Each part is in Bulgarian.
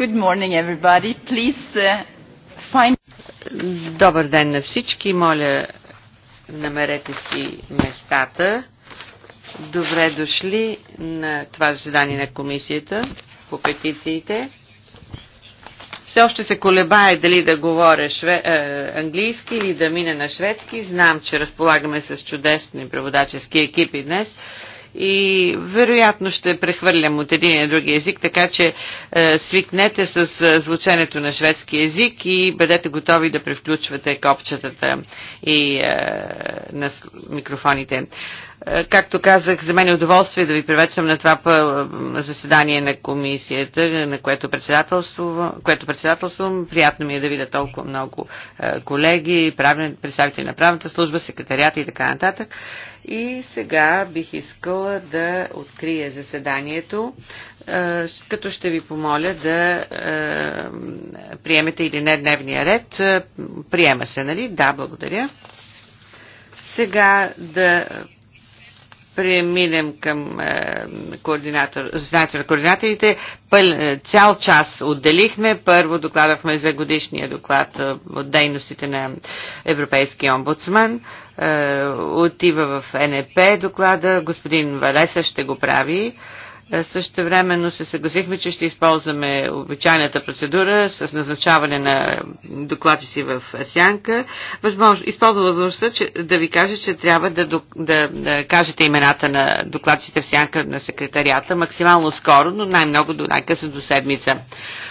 Uh, Добър ден на всички. Моля, намерете си местата. Добре дошли на това заседание на комисията по петициите. Все още се колебае дали да говоря шве... Е, английски или да мина на шведски. Знам, че разполагаме с чудесни преводачески екипи днес и вероятно ще прехвърлям от един на други език, така че е, свикнете с е, звученето на шведски език и бъдете готови да превключвате копчетата и е, на микрофоните. Е, както казах, за мен е удоволствие да ви приветствам на това е, заседание на комисията, на което председателствам. Което председателствам. Приятно ми е да видя толкова много е, колеги, представители на правната служба, секретарията и така нататък. И сега бих искала да открия заседанието, като ще ви помоля да приемете или не дневния ред. Приема се, нали? Да, благодаря. Сега да преминем към е, координатор, на координаторите. Пъл, е, цял час отделихме. Първо докладахме за годишния доклад е, от дейностите на Европейския омбудсман. Е, отива в НЕП доклада. Господин Валеса ще го прави. Също времено се съгласихме, че ще използваме обичайната процедура с назначаване на докладчици в сянка. Възможно, използвам възможността че, да ви кажа, че трябва да, да, да, да кажете имената на докладчите в сянка на секретарията максимално скоро, но най-много до най-късно до седмица.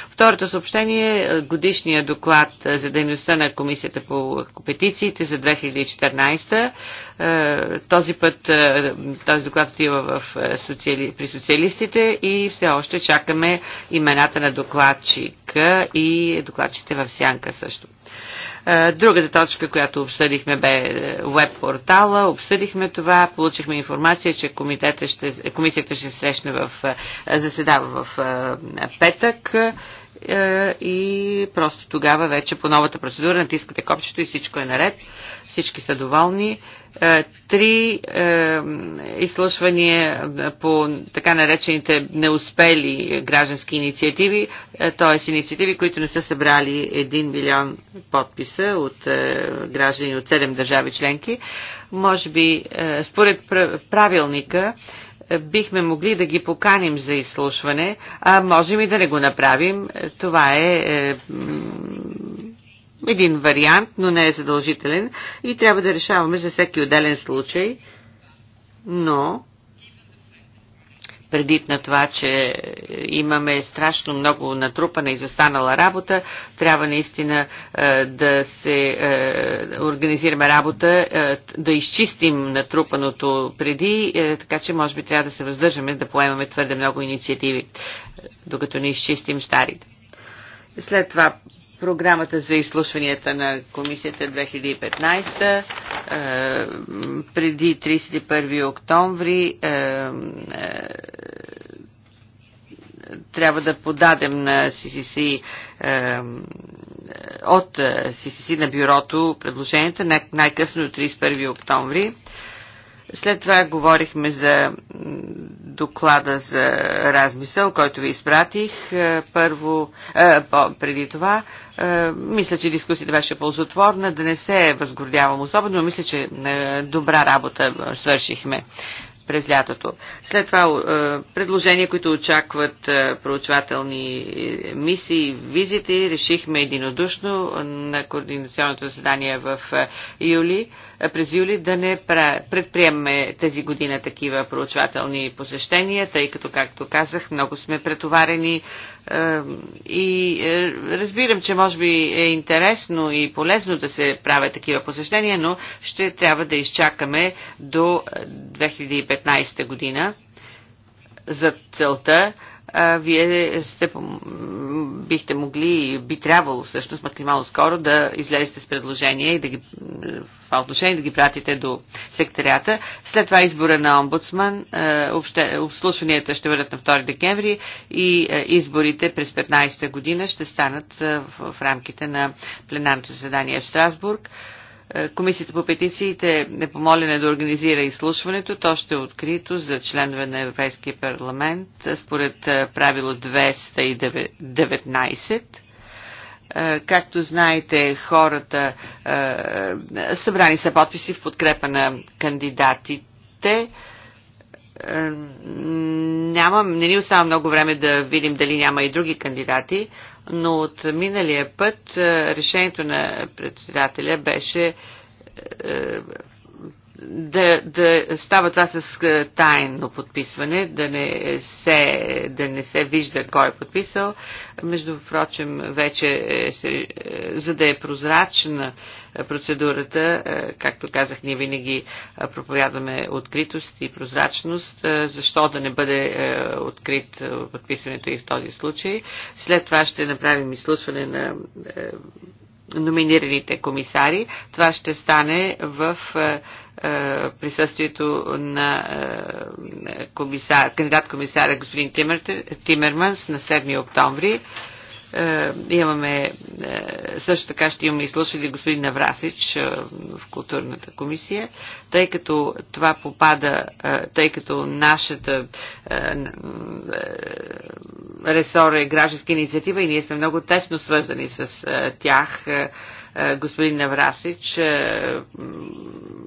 Второто съобщение е годишния доклад за дейността на Комисията по петициите за 2014. Е, този път е, този доклад отива в е, социали... при социалистите журналистите и все още чакаме имената на докладчика и докладчите в сянка също. Е, другата точка, която обсъдихме бе е, веб портала. Обсъдихме това, получихме информация, че ще, комисията ще се срещне в, е, заседава в петък е, и просто тогава вече по новата процедура натискате копчето и всичко е наред. Всички са доволни. Е, три е, изслушвания по така наречените неуспели граждански инициативи, т.е. инициативи, които не са събрали 1 милион подписа от граждани от 7 държави членки. Може би, според правилника, бихме могли да ги поканим за изслушване, а можем и да не го направим. Това е, е един вариант, но не е задължителен и трябва да решаваме за всеки отделен случай. Но предвид на това, че имаме страшно много натрупана и застанала работа, трябва наистина е, да се е, организираме работа, е, да изчистим натрупаното преди, така че може би трябва да се въздържаме да поемаме твърде много инициативи, докато не изчистим старите. След това програмата за изслушванията на комисията 2015 е, преди 31 октомври е, е, трябва да подадем на CCC от CCC на бюрото предложенията най-късно до 31 октомври. След това говорихме за доклада за размисъл, който ви изпратих е, първо, е, преди това. Е, мисля, че дискусията беше ползотворна, да не се възгордявам особено, но мисля, че е, добра работа е, свършихме през лятото. След това е, предложения, които очакват е, проучвателни е, мисии, визити, решихме единодушно на координационното заседание в юли, през юли да не предприемаме тези година такива проучвателни посещения, тъй като, както казах, много сме претоварени и е, разбирам, че може би е интересно и полезно да се правят такива посещения, но ще трябва да изчакаме до 2015 е, година за целта а, вие сте, бихте могли и би трябвало всъщност максимално скоро да излезете с предложение и да ги, в отношение да ги пратите до секретарията. След това избора на омбудсман, обслушванията ще бъдат на 2 декември и изборите през 15-та година ще станат в, в рамките на пленарното заседание в Страсбург. А, Комисията по петициите е помолена да организира изслушването. То ще е открито за членове на Европейския парламент според правило 219 както знаете, хората събрани са подписи в подкрепа на кандидатите. Няма, не ни остава много време да видим дали няма и други кандидати но от миналия път решението на председателя беше да, да става това с е, тайно подписване, да не, се, да не се вижда кой е подписал. Между прочим, вече, е, се, е, за да е прозрачна процедурата, както казах, ние винаги проповядваме откритост и прозрачност. Защо да не бъде открит подписването и в този случай? След това ще направим изслушване на номинираните комисари. Това ще стане в е, е, присъствието на е, комисар, кандидат комисаря господин Тимерманс на 7 октомври. Е, имаме, е, също така ще имаме изслушали господин Наврасич е, в културната комисия, тъй като това попада, тъй като нашата ресор е гражданска инициатива и ние сме много тесно свързани с тях е, господин Наврасич, е,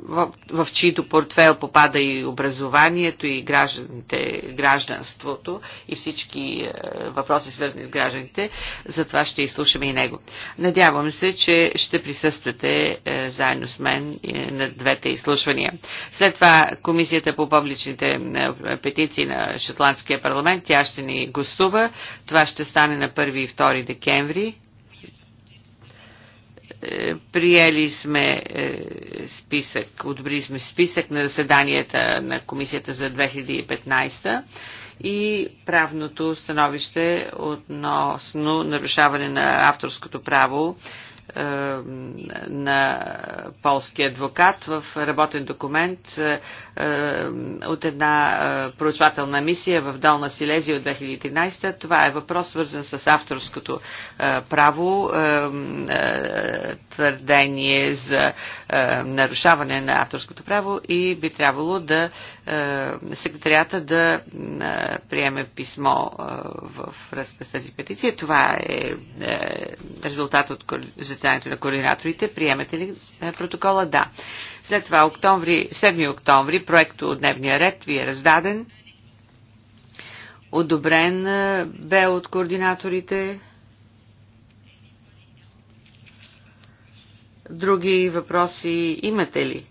в, в чието портфел попада и образованието, и гражданите, гражданството, и всички е, въпроси свързани с гражданите. Затова ще изслушаме и него. Надявам се, че ще присъствате заедно с мен на двете изслушвания. След това Комисията по публичните петиции на Шотландския парламент, тя ще ни гостува. Това ще стане на 1 и 2 декември е, приели сме е, списък, одобрили сме списък на заседанията на комисията за 2015 и правното становище относно нарушаване на авторското право е, на полски адвокат в работен документ е, е, от една проучвателна мисия в Долна Силезия от 2013. Това е въпрос свързан с авторското право, твърдение за нарушаване на авторското право и би трябвало да секретарията да приеме писмо в връзка с тази петиция. Това е резултат от заседанието на координаторите. Приемате ли е, протокола? Да. След това октомври, 7 октомври проекто от дневния ред ви е раздаден. Одобрен е, бе от координаторите. Други въпроси имате ли?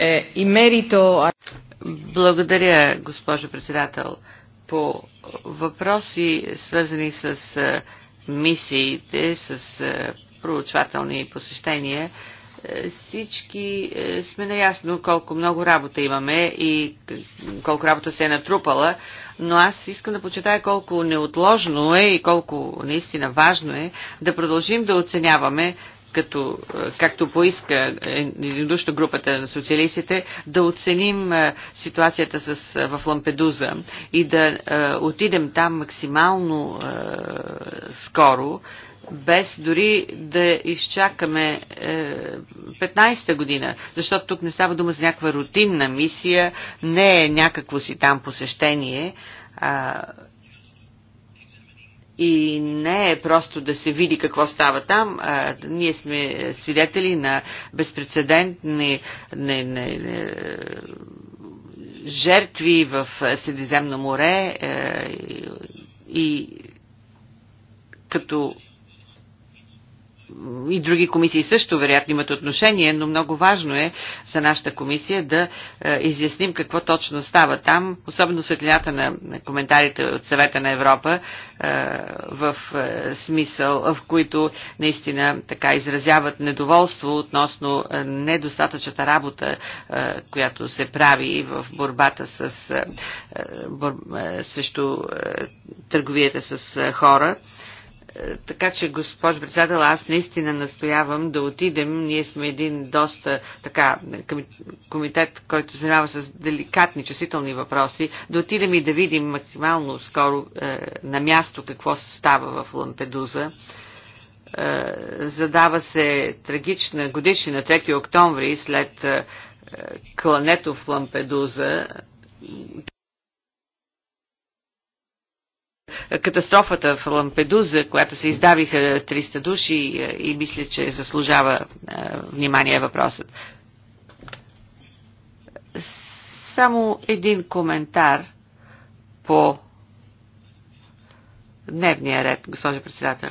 Eh, Благодаря, госпожо председател по въпроси, свързани с мисиите, с проучвателни посещения, всички сме наясно колко много работа имаме и колко работа се е натрупала, но аз искам да почитая колко неотложно е и колко наистина важно е да продължим да оценяваме като, е, както поиска единодушно групата на социалистите, да оценим е, ситуацията с, е, в Лампедуза и да отидем там максимално скоро, без дори да изчакаме 15-та година, защото тук не става дума за някаква рутинна мисия, не е някакво си там посещение, и не е просто да се види какво става там. А, ние сме свидетели на безпредседентни не, не, не, жертви в Средиземно море е, и, и като и други комисии също вероятно имат отношение, но много важно е за нашата комисия да е, изясним какво точно става там, особено светлината на коментарите от съвета на Европа е, в е, смисъл, в които наистина така изразяват недоволство относно недостатъчната работа, която се прави в борбата с, срещу търговията с хора е, така че, госпожо председател, аз наистина настоявам да отидем. Ние сме един доста така комитет, който се занимава с деликатни, чувствителни въпроси, да отидем и да видим максимално скоро е, на място какво се става в Лампедуза. Е, задава се трагична годишна 3 октомври след е, е, клането в Лампедуза катастрофата в Лампедуза, която се издавиха 300 души и, мисля, че заслужава внимание въпросът. Само един коментар по дневния ред, госпожо председател.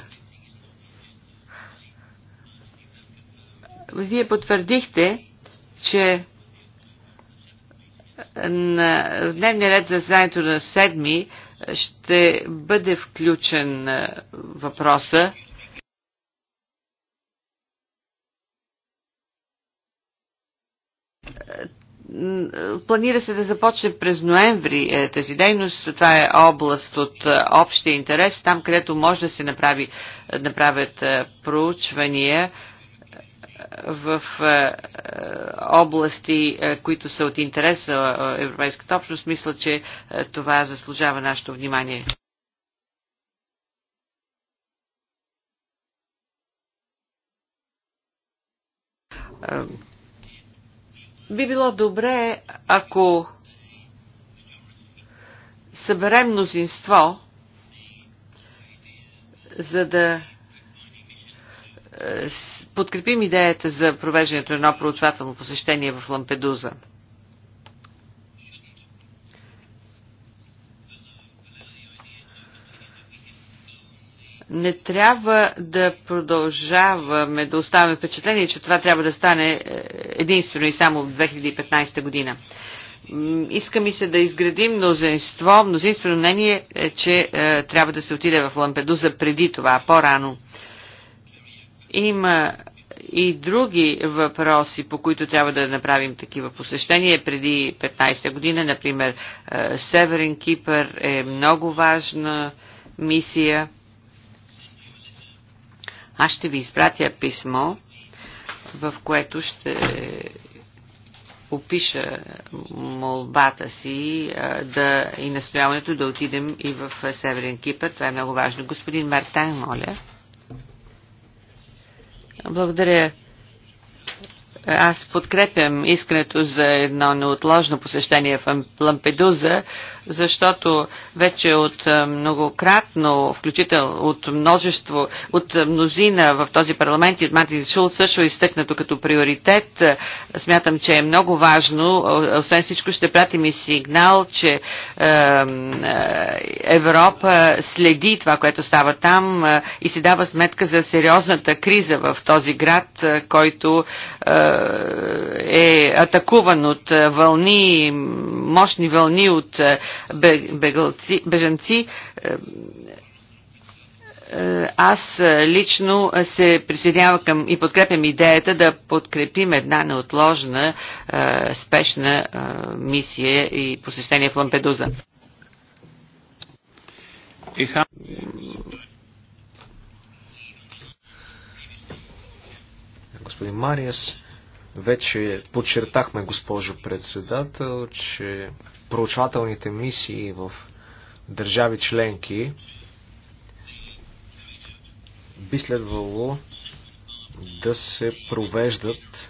Вие потвърдихте, че на дневния ред за знанието на седми ще бъде включен е, въпроса Планира се да започне през ноември е, тази дейност. Това е област от е, общия интерес, там където може да се направи, направят проучвания в е, е, области, е, които са от интерес на Европейската общност, мисля, че това заслужава нашето внимание. Би било добре, ако съберем мнозинство, за да подкрепим идеята за провеждането на едно проучвателно посещение в Лампедуза. не трябва да продължаваме да оставаме впечатление, че това трябва да стане е, единствено и само в 2015 година. Иска ми се да изградим мнозинство, мнозинствено мнение, е, че е, трябва да се отиде в Лампедуза преди това, по-рано. Има и други въпроси, по които трябва да направим такива посещения. Преди 15-та година, например, е, Северен Кипър е много важна мисия. Аз ще ви изпратя писмо, в което ще опиша молбата си е, да, и настояването да отидем и в Северен Кипър. Това е много важно. Господин Мартан, моля. Благодаря. Аз подкрепям искането за едно неотложно посещение в Лампедуза, защото вече от е, многократно, включително от множество, от мнозина в този парламент и от Мартин Шул също е изтъкнато като приоритет. Смятам, че е много важно. Освен всичко ще пратим и сигнал, че е, е, Европа следи това, което става там и си дава сметка за сериозната криза в този град, който е атакуван от вълни, мощни вълни от бежанци. Е, е, аз лично се присъединявам към и подкрепям идеята да подкрепим една неотложна, е, спешна мисия и посещение в Лампедуза. Господин Мариас, вече подчертахме, госпожо председател, че проучвателните мисии в държави членки, би следвало да се провеждат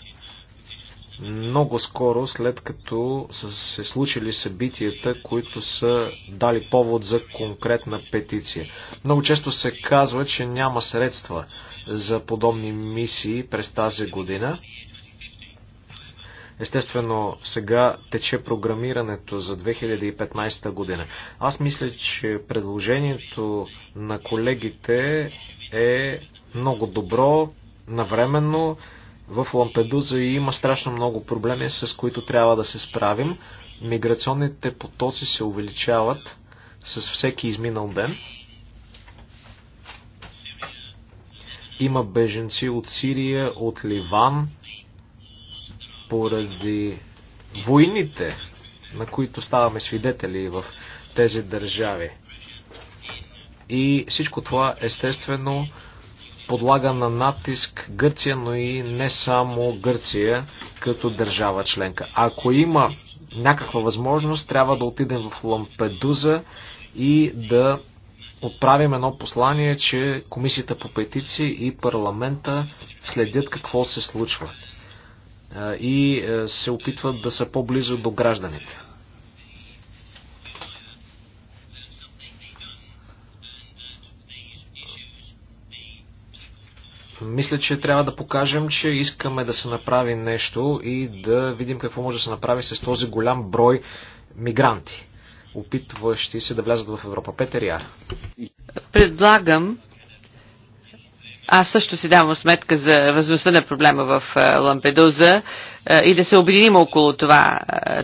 много скоро след като са се случили събитията, които са дали повод за конкретна петиция. Много често се казва, че няма средства за подобни мисии през тази година. Естествено, сега тече програмирането за 2015 година. Аз мисля, че предложението на колегите е много добро, навременно. В Лампедуза има страшно много проблеми, с които трябва да се справим. Миграционните потоци се увеличават с всеки изминал ден. Има беженци от Сирия, от Ливан, поради войните, на които ставаме свидетели в тези държави. И всичко това естествено подлага на натиск Гърция, но и не само Гърция като държава членка. Ако има някаква възможност, трябва да отидем в Лампедуза и да отправим едно послание, че Комисията по петиции и парламента следят какво се случва и се опитват да са по-близо до гражданите. Мисля, че трябва да покажем, че искаме да се направи нещо и да видим какво може да се направи с този голям брой мигранти, опитващи се да влязат в Европа. Петър Яр. Предлагам аз също си давам сметка за възможността на проблема в Лампедуза и да се объединим около това,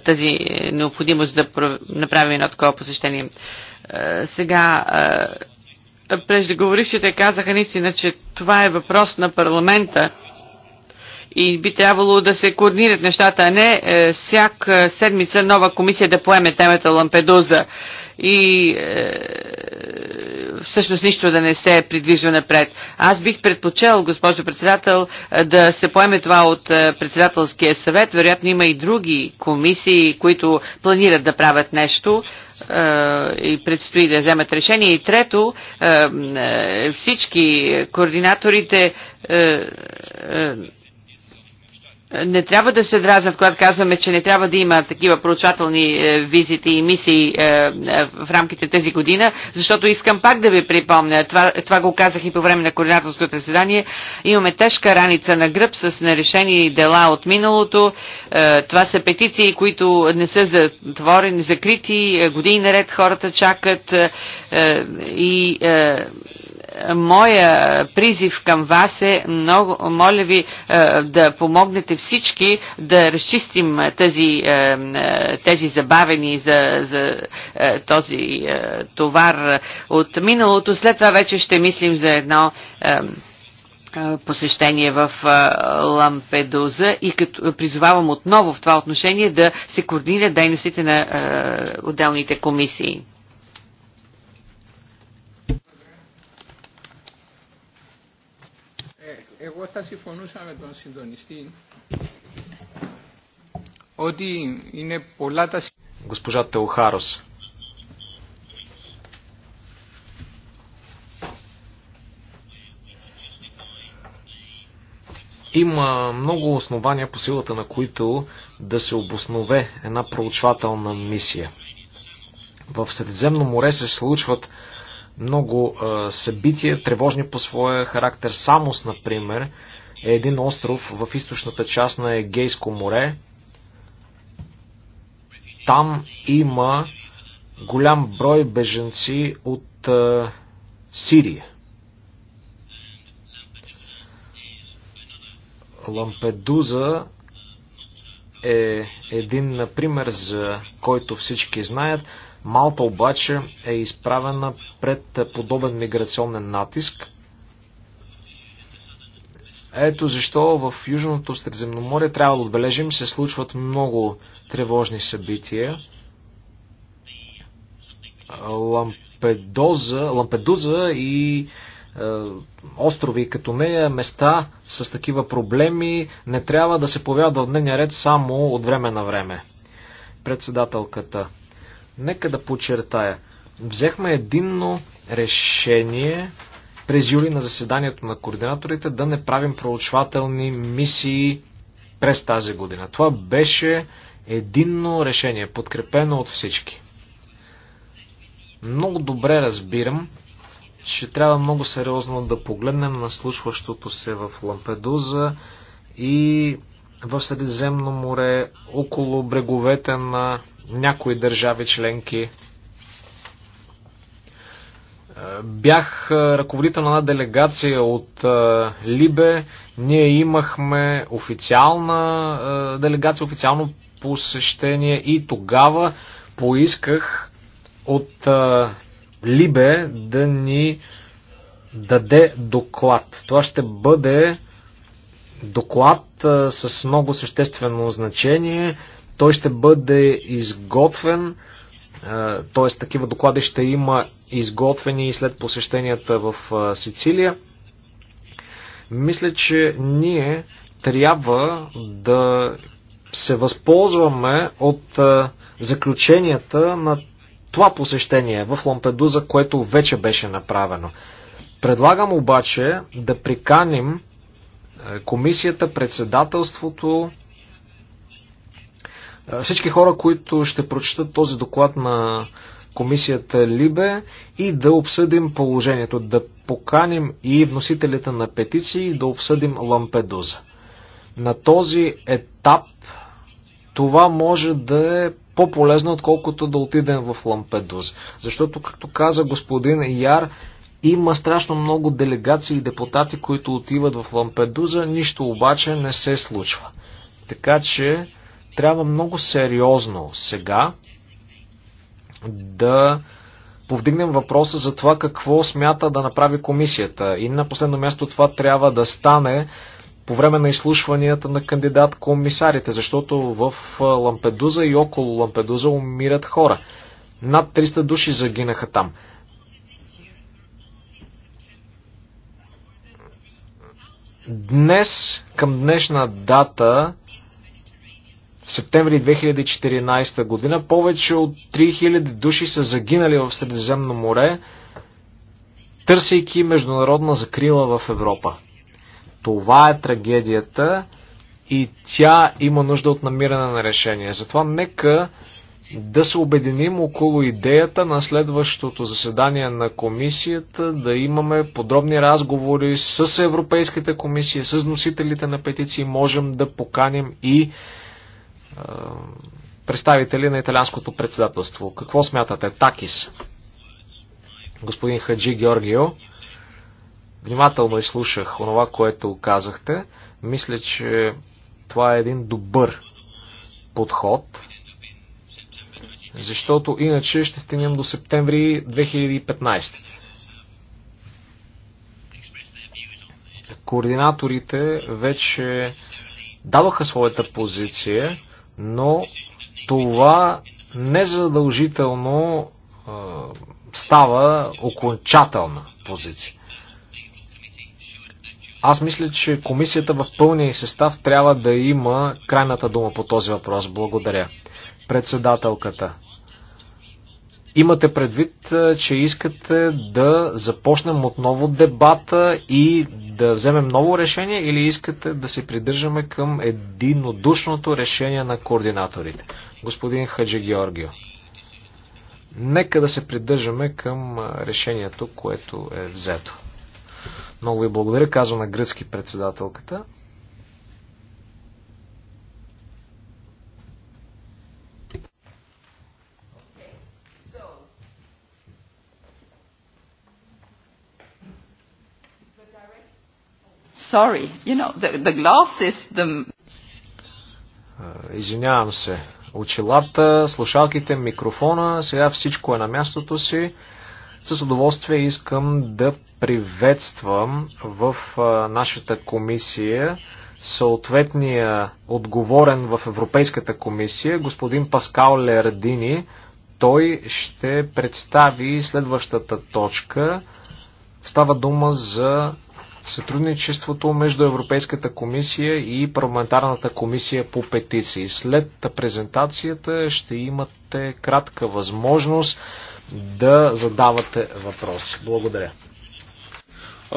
тази необходимост да направим едно такова посещение. Сега, преждеговорившите казаха наистина, че това е въпрос на парламента и би трябвало да се координират нещата, а не е, всяка седмица нова комисия да поеме темата Лампедуза и е, всъщност нищо да не се придвижва напред. Аз бих предпочел, госпожо председател, е, да се поеме това от е, председателския съвет. Вероятно има и други комисии, които планират да правят нещо е, и предстои да вземат решение. И трето, всички координаторите не трябва да се дразнат, когато казваме, че не трябва да има такива проучвателни е, визити и мисии е, е, в рамките тези година, защото искам пак да ви припомня, това, това го казах и по време на координаторското заседание, имаме тежка раница на гръб с нерешени дела от миналото, това са петиции, които не са затворени, закрити, години наред хората чакат и моя призив към вас е много, моля ви е, да помогнете всички да разчистим тези, е, е, тези забавени за, за този товар от миналото. След това вече ще мислим за едно посещение в Лампедуза и като призовавам отново в това отношение да се координират дейностите на отделните комисии. εγώ θα συμφωνούσα με τον συντονιστή ότι είναι πολλά τα... Госпожа Телхарос. Има много основания по силата на които да се обоснове една проучвателна мисия. В Средиземно море се случват много събития, тревожни по своя характер. Самос, например, е един остров в източната част на Егейско море. Там има голям брой беженци от Сирия. Лампедуза е един пример, за който всички знаят. Малта обаче е изправена пред подобен миграционен натиск. Ето защо в Южното Средиземноморие трябва да отбележим, се случват много тревожни събития. Лампедоза, Лампедуза и е, острови като нея, места с такива проблеми не трябва да се появяват в дневния ред само от време на време. Председателката. Нека да подчертая. Взехме единно решение през юли на заседанието на координаторите да не правим проучвателни мисии през тази година. Това беше единно решение, подкрепено от всички. Много добре разбирам, че трябва много сериозно да погледнем на слушващото се в Лампедуза и в Средиземно море, около бреговете на някои държави членки. Е, бях е, ръководител на една делегация от е, Либе. Ние имахме официална делегация, официално посещение и тогава поисках от Либе да ни даде доклад. Това ще бъде доклад с много съществено значение. Той ще бъде изготвен, т.е. такива доклади ще има изготвени след посещенията в Сицилия. Мисля, че ние трябва да се възползваме от заключенията на това посещение в Лампедуза, което вече беше направено. Предлагам обаче да приканим комисията, председателството, всички хора, които ще прочитат този доклад на комисията Либе и да обсъдим положението, да поканим и вносителите на петиции, да обсъдим Лампедуза. На този етап това може да е по-полезно, отколкото да отидем в Лампедуза. Защото, както каза господин Яр, има страшно много делегации и депутати, които отиват в Лампедуза, нищо обаче не се случва. Така че трябва много сериозно сега да повдигнем въпроса за това какво смята да направи комисията. И на последно място това трябва да стане по време на изслушванията на кандидат комисарите, защото в Лампедуза и около Лампедуза умират хора. Над 300 души загинаха там. Днес, към днешна дата, септември 2014 година, повече от 3000 души са загинали в Средиземно море, търсейки международна закрила в Европа. Това е трагедията и тя има нужда от намиране на решение. Затова нека да се обединим около идеята на следващото заседание на комисията, да имаме подробни разговори с Европейската комисия, с носителите на петиции, можем да поканим и е, представители на италянското председателство. Какво смятате? Такис, господин Хаджи Георгио, внимателно изслушах онова, което казахте. Мисля, че това е един добър подход – защото иначе ще стигнем до септември 2015. Координаторите вече дадоха своята позиция, но това незадължително е, става окончателна позиция. Аз мисля, че комисията в пълния състав трябва да има крайната дума по този въпрос. Благодаря. Председателката. Имате предвид, че искате да започнем отново дебата и да вземем ново решение или искате да се придържаме към единодушното решение на координаторите? Господин Хаджи Георгио. Нека да се придържаме към решението, което е взето. Много ви благодаря, казва на гръцки председателката. sorry. You know, the, the glasses, the... Извинявам се. Очилата, слушалките, микрофона, сега всичко е на мястото си. С удоволствие искам да приветствам в нашата комисия съответния отговорен в Европейската комисия, господин Паскал Лердини. Той ще представи следващата точка. Става дума за сътрудничеството между Европейската комисия и парламентарната комисия по петиции. След презентацията ще имате кратка възможност да задавате въпроси. Благодаря.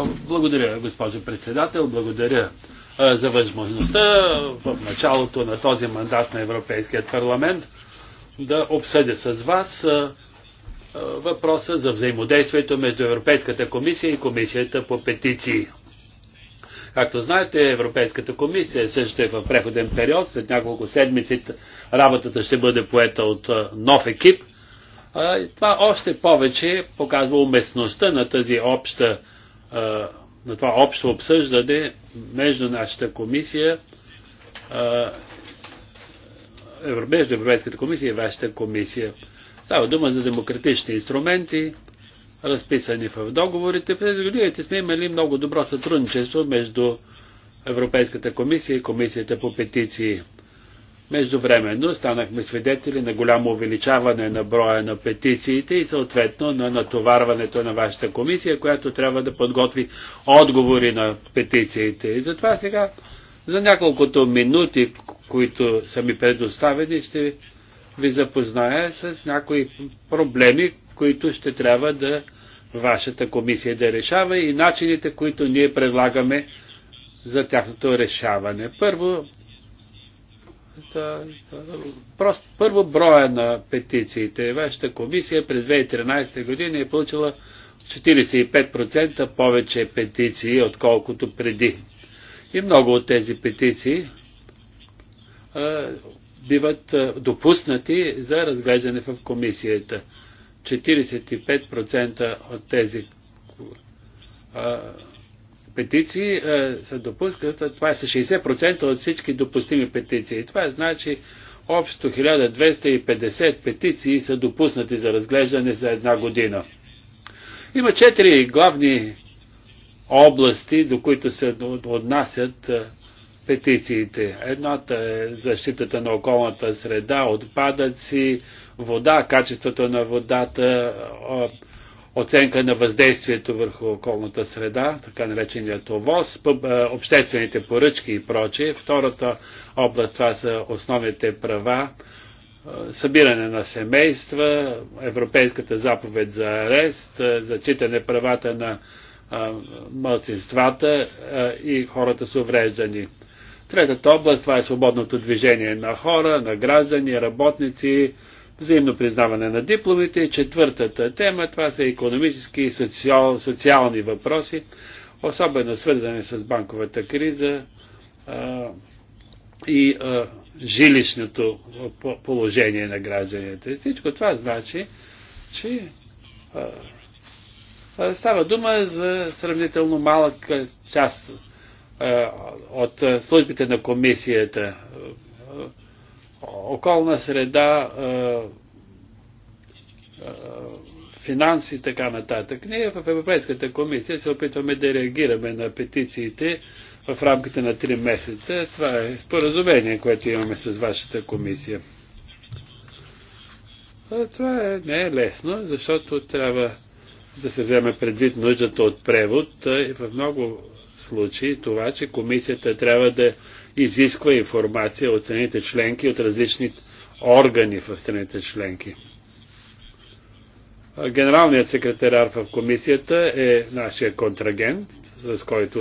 Благодаря, госпожо председател. Благодаря за възможността в началото на този мандат на Европейският парламент да обсъдя с вас въпроса за взаимодействието между Европейската комисия и Комисията по петиции. Както знаете, Европейската комисия също е в преходен период. След няколко седмици работата ще бъде поета от нов екип. това още повече показва уместността на тази обща на това общо обсъждане между нашата комисия, между Европейската комисия и вашата комисия. Става дума за демократични инструменти, разписани в договорите. През годините сме имали много добро сътрудничество между Европейската комисия и Комисията по петиции. Междувременно станахме свидетели на голямо увеличаване на броя на петициите и съответно на натоварването на вашата комисия, която трябва да подготви отговори на петициите. И затова сега за няколкото минути, които са ми предоставени, ще ви запозная с някои проблеми, които ще трябва да вашата комисия да решава и начините, които ние предлагаме за тяхното решаване. Първо, да, да, просто, първо броя на петициите. Вашата комисия през 2013 година е получила 45% повече петиции, отколкото преди. И много от тези петиции а, биват а, допуснати за разглеждане в комисията. 45% от тези петиции са се допускат, това са 60% от всички допустими петиции. Това значи общо 1250 петиции са допуснати за разглеждане за една година. Има четири главни области, до които се отнасят петициите. Едната е защитата на околната среда, отпадъци, вода, качеството на водата, оценка на въздействието върху околната среда, така нареченият ОВОз, е, обществените поръчки и прочие. Втората област това са основните права, е, събиране на семейства, Европейската заповед за арест, е, зачитане правата на мълцинствата и хората с увреждани. Третата област това е свободното движение на хора, на граждани, работници, взаимно признаване на дипломите. Четвъртата тема, това са економически и социал, социални въпроси, особено свързани с банковата криза а, и а, жилищното положение на гражданите. Всичко това значи, че а, а, става дума за сравнително малка част а, от службите на комисията околна среда, финанси и така нататък. Ние в Европейската комисия се опитваме да реагираме на петициите в рамките на 3 месеца. Това е споразумение, което имаме с вашата комисия. Това е, не е лесно, защото трябва да се вземе предвид нуждата от превод и в много случаи това, че комисията трябва да изисква информация от страните членки, от различни органи в страните членки. Генералният секретарар в комисията е нашия контрагент, с който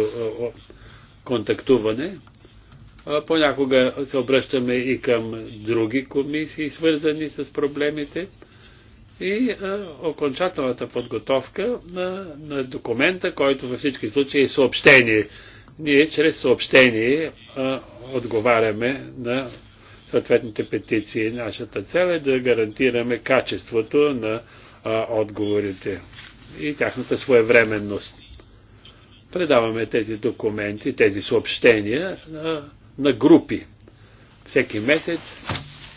контактуване. Понякога се обръщаме и към други комисии, свързани с проблемите. И окончателната подготовка на, на документа, който във всички случаи е съобщение ние чрез съобщение а, отговаряме на съответните петиции. Нашата цел е да гарантираме качеството на а, отговорите и тяхната своевременност. Предаваме тези документи, тези съобщения а, на групи. Всеки месец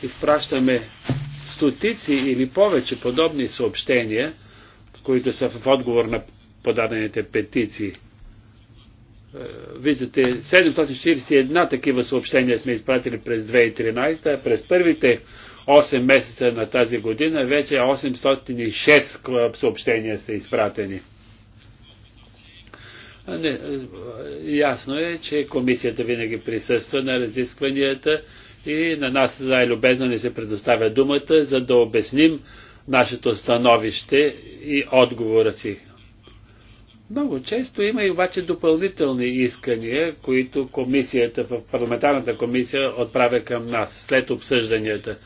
изпращаме стотици или повече подобни съобщения, които са в отговор на подадените петиции – е, виждате, 741 такива съобщения сме изпратили през 2013, а през първите 8 месеца на тази година вече 806 съобщения са изпратени. Не, е, е, ясно е, че комисията винаги присъства на разискванията и на нас най-любезно ни се предоставя думата, за да обясним нашето становище и отговора си. Много често има и обаче допълнителни искания, които комисията в парламентарната комисия отправя към нас след обсъжданията.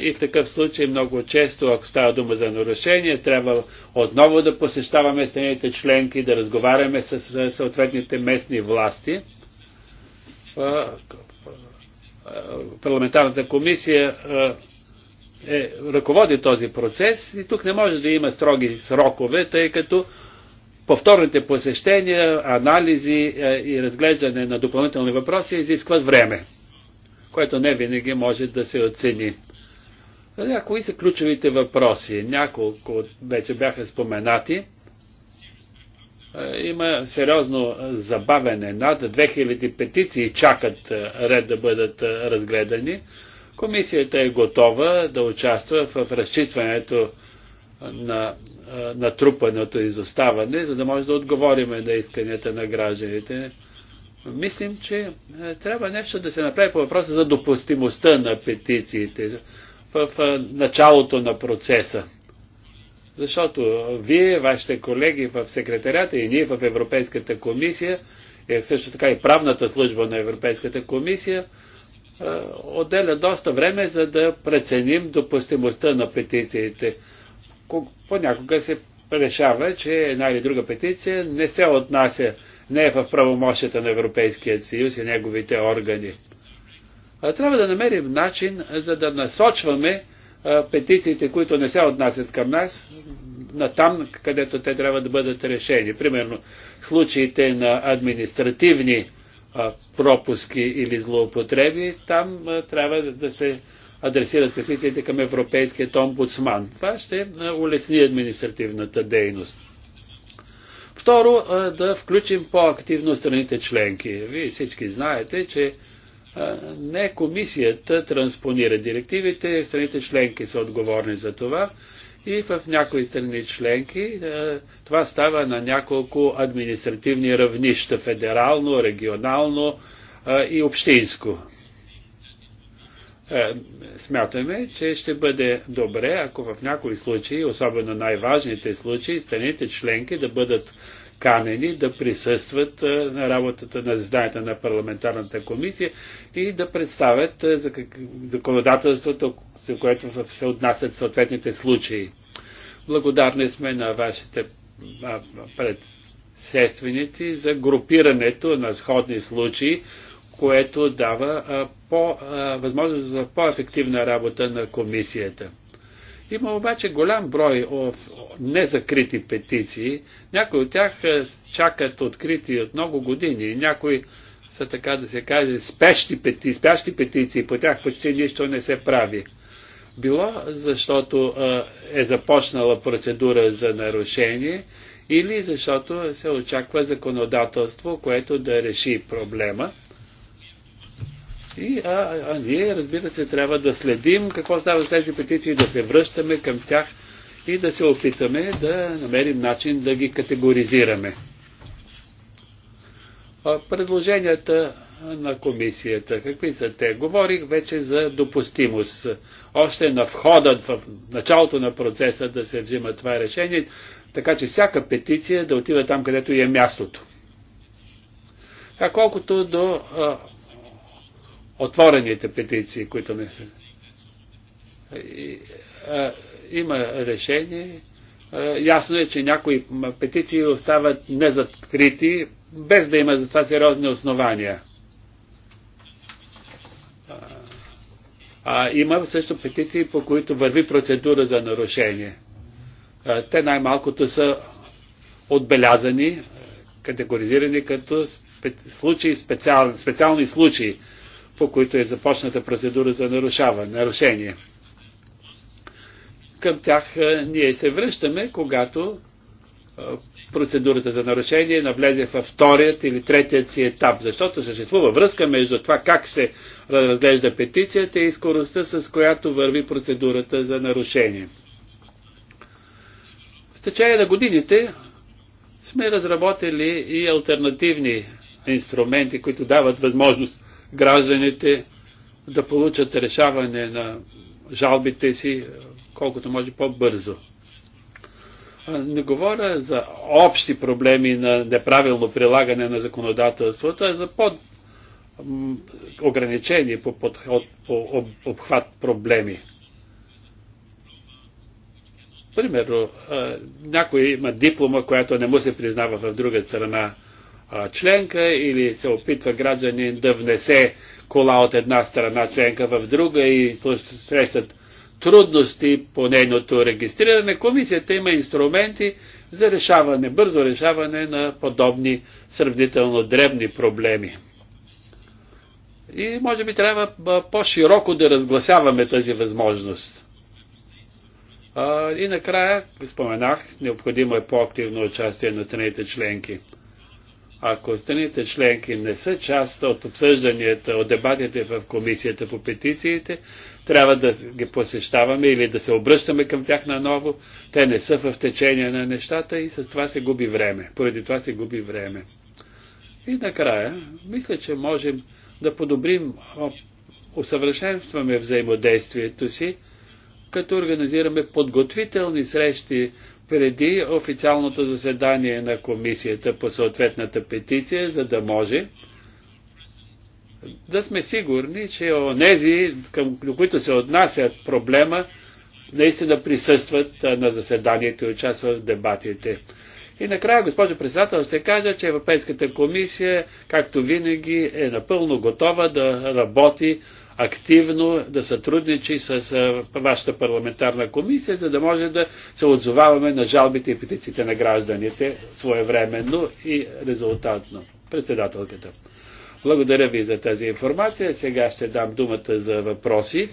И в такъв случай много често, ако става дума за нарушение, трябва отново да посещаваме страните членки, да разговаряме с съответните местни власти. Парламентарната комисия е, ръководи този процес и тук не може да има строги срокове, тъй като повторните посещения, анализи е, и разглеждане на допълнителни въпроси изискват време, което не винаги може да се оцени. А нали, кои са ключовите въпроси? Няколко вече бяха споменати. Е, има сериозно забавене. Над 2000 петиции чакат е, ред да бъдат разгледани. Комисията е готова да участва в разчистването на натрупаното изоставане, за да може да отговориме на исканията на гражданите. Мислим, че трябва нещо да се направи по въпроса за допустимостта на петициите в началото на процеса. Защото вие, вашите колеги в секретарята и ние в Европейската комисия, и е също така и правната служба на Европейската комисия, отделя доста време, за да преценим допустимостта на петициите понякога се решава, че една или друга петиция не се отнася, не е в правомощията на Европейския съюз и неговите органи. А трябва да намерим начин, за да насочваме петициите, които не се отнасят към нас, на там, където те трябва да бъдат решени. Примерно, случаите на административни пропуски или злоупотреби, там трябва да се адресират петициите към Европейският омбудсман. Това ще е, улесни административната дейност. Второ, да включим по-активно страните членки. Вие всички знаете, че не комисията транспонира директивите, страните членки са отговорни за това и в някои страни членки това става на няколко административни равнища федерално, регионално и общинско. Е, смятаме, че ще бъде добре, ако в някои случаи, особено най-важните случаи, страните членки да бъдат канени да присъстват е, на работата на заседанията на парламентарната комисия и да представят е, законодателството, за което се отнасят съответните случаи. Благодарни сме на вашите предсественици за групирането на сходни случаи, което дава по, а, възможност за по-ефективна работа на комисията. Има обаче голям брой о, незакрити петиции. Някои от тях чакат открити от много години. Някои са така да се каже спящи петиции, спящи петиции. По тях почти нищо не се прави. Било защото а, е започнала процедура за нарушение или защото се очаква законодателство, което да реши проблема и, а, а ние, разбира се, трябва да следим какво става с тези петиции, да се връщаме към тях и да се опитаме да намерим начин да ги категоризираме. Предложенията на комисията, какви са те? Говорих вече за допустимост. Още на входа, в началото на процеса да се взима това решение, така че всяка петиция да отива там, където и е мястото. А колкото до а, отворените петиции, които не са. Има решение. Ясно е, че някои петиции остават незакрити, без да има за това сериозни основания. А, има също петиции, по които върви процедура за нарушение. те най-малкото са отбелязани, категоризирани като случаи, специал, специални случаи по които е започната процедура за нарушаване, нарушение. Към тях е, ние се връщаме, когато е, процедурата за нарушение навлезе във вторият или третият си етап, защото съществува връзка между това как се разглежда петицията и скоростта, с която върви процедурата за нарушение. В течение на годините сме разработили и альтернативни инструменти, които дават възможност гражданите да получат решаване на жалбите си е, колкото може по-бързо. Не говоря за общи проблеми на неправилно прилагане на законодателството, а за под ограничени по, подход, по обхват проблеми. Примерно, е, някой има диплома, която не му се признава в друга страна членка или се опитва гражданин да внесе кола от една страна членка в друга и срещат трудности по нейното регистриране, комисията има инструменти за решаване, бързо решаване на подобни сравнително дребни проблеми. И може би трябва по-широко да разгласяваме тази възможност. И накрая, споменах, необходимо е по-активно участие на страните членки. Ако страните членки не са част от обсъжданията, от дебатите в комисията по петициите, трябва да ги посещаваме или да се обръщаме към тях наново. Те не са в течение на нещата и с това се губи време. Поради това се губи време. И накрая, мисля, че можем да подобрим, усъвършенстваме взаимодействието си, като организираме подготвителни срещи преди официалното заседание на комисията по съответната петиция, за да може да сме сигурни, че онези, към които се отнасят проблема, наистина присъстват на заседанието и участват в дебатите. И накрая, госпожо председател, ще кажа, че Европейската комисия, както винаги, е напълно готова да работи активно да сътрудничи с вашата парламентарна комисия, за да може да се отзоваваме на жалбите и петициите на гражданите своевременно и резултатно. Председателката. Благодаря ви за тази информация. Сега ще дам думата за въпроси.